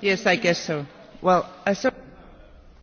Yes, I guess so. Well, I saw...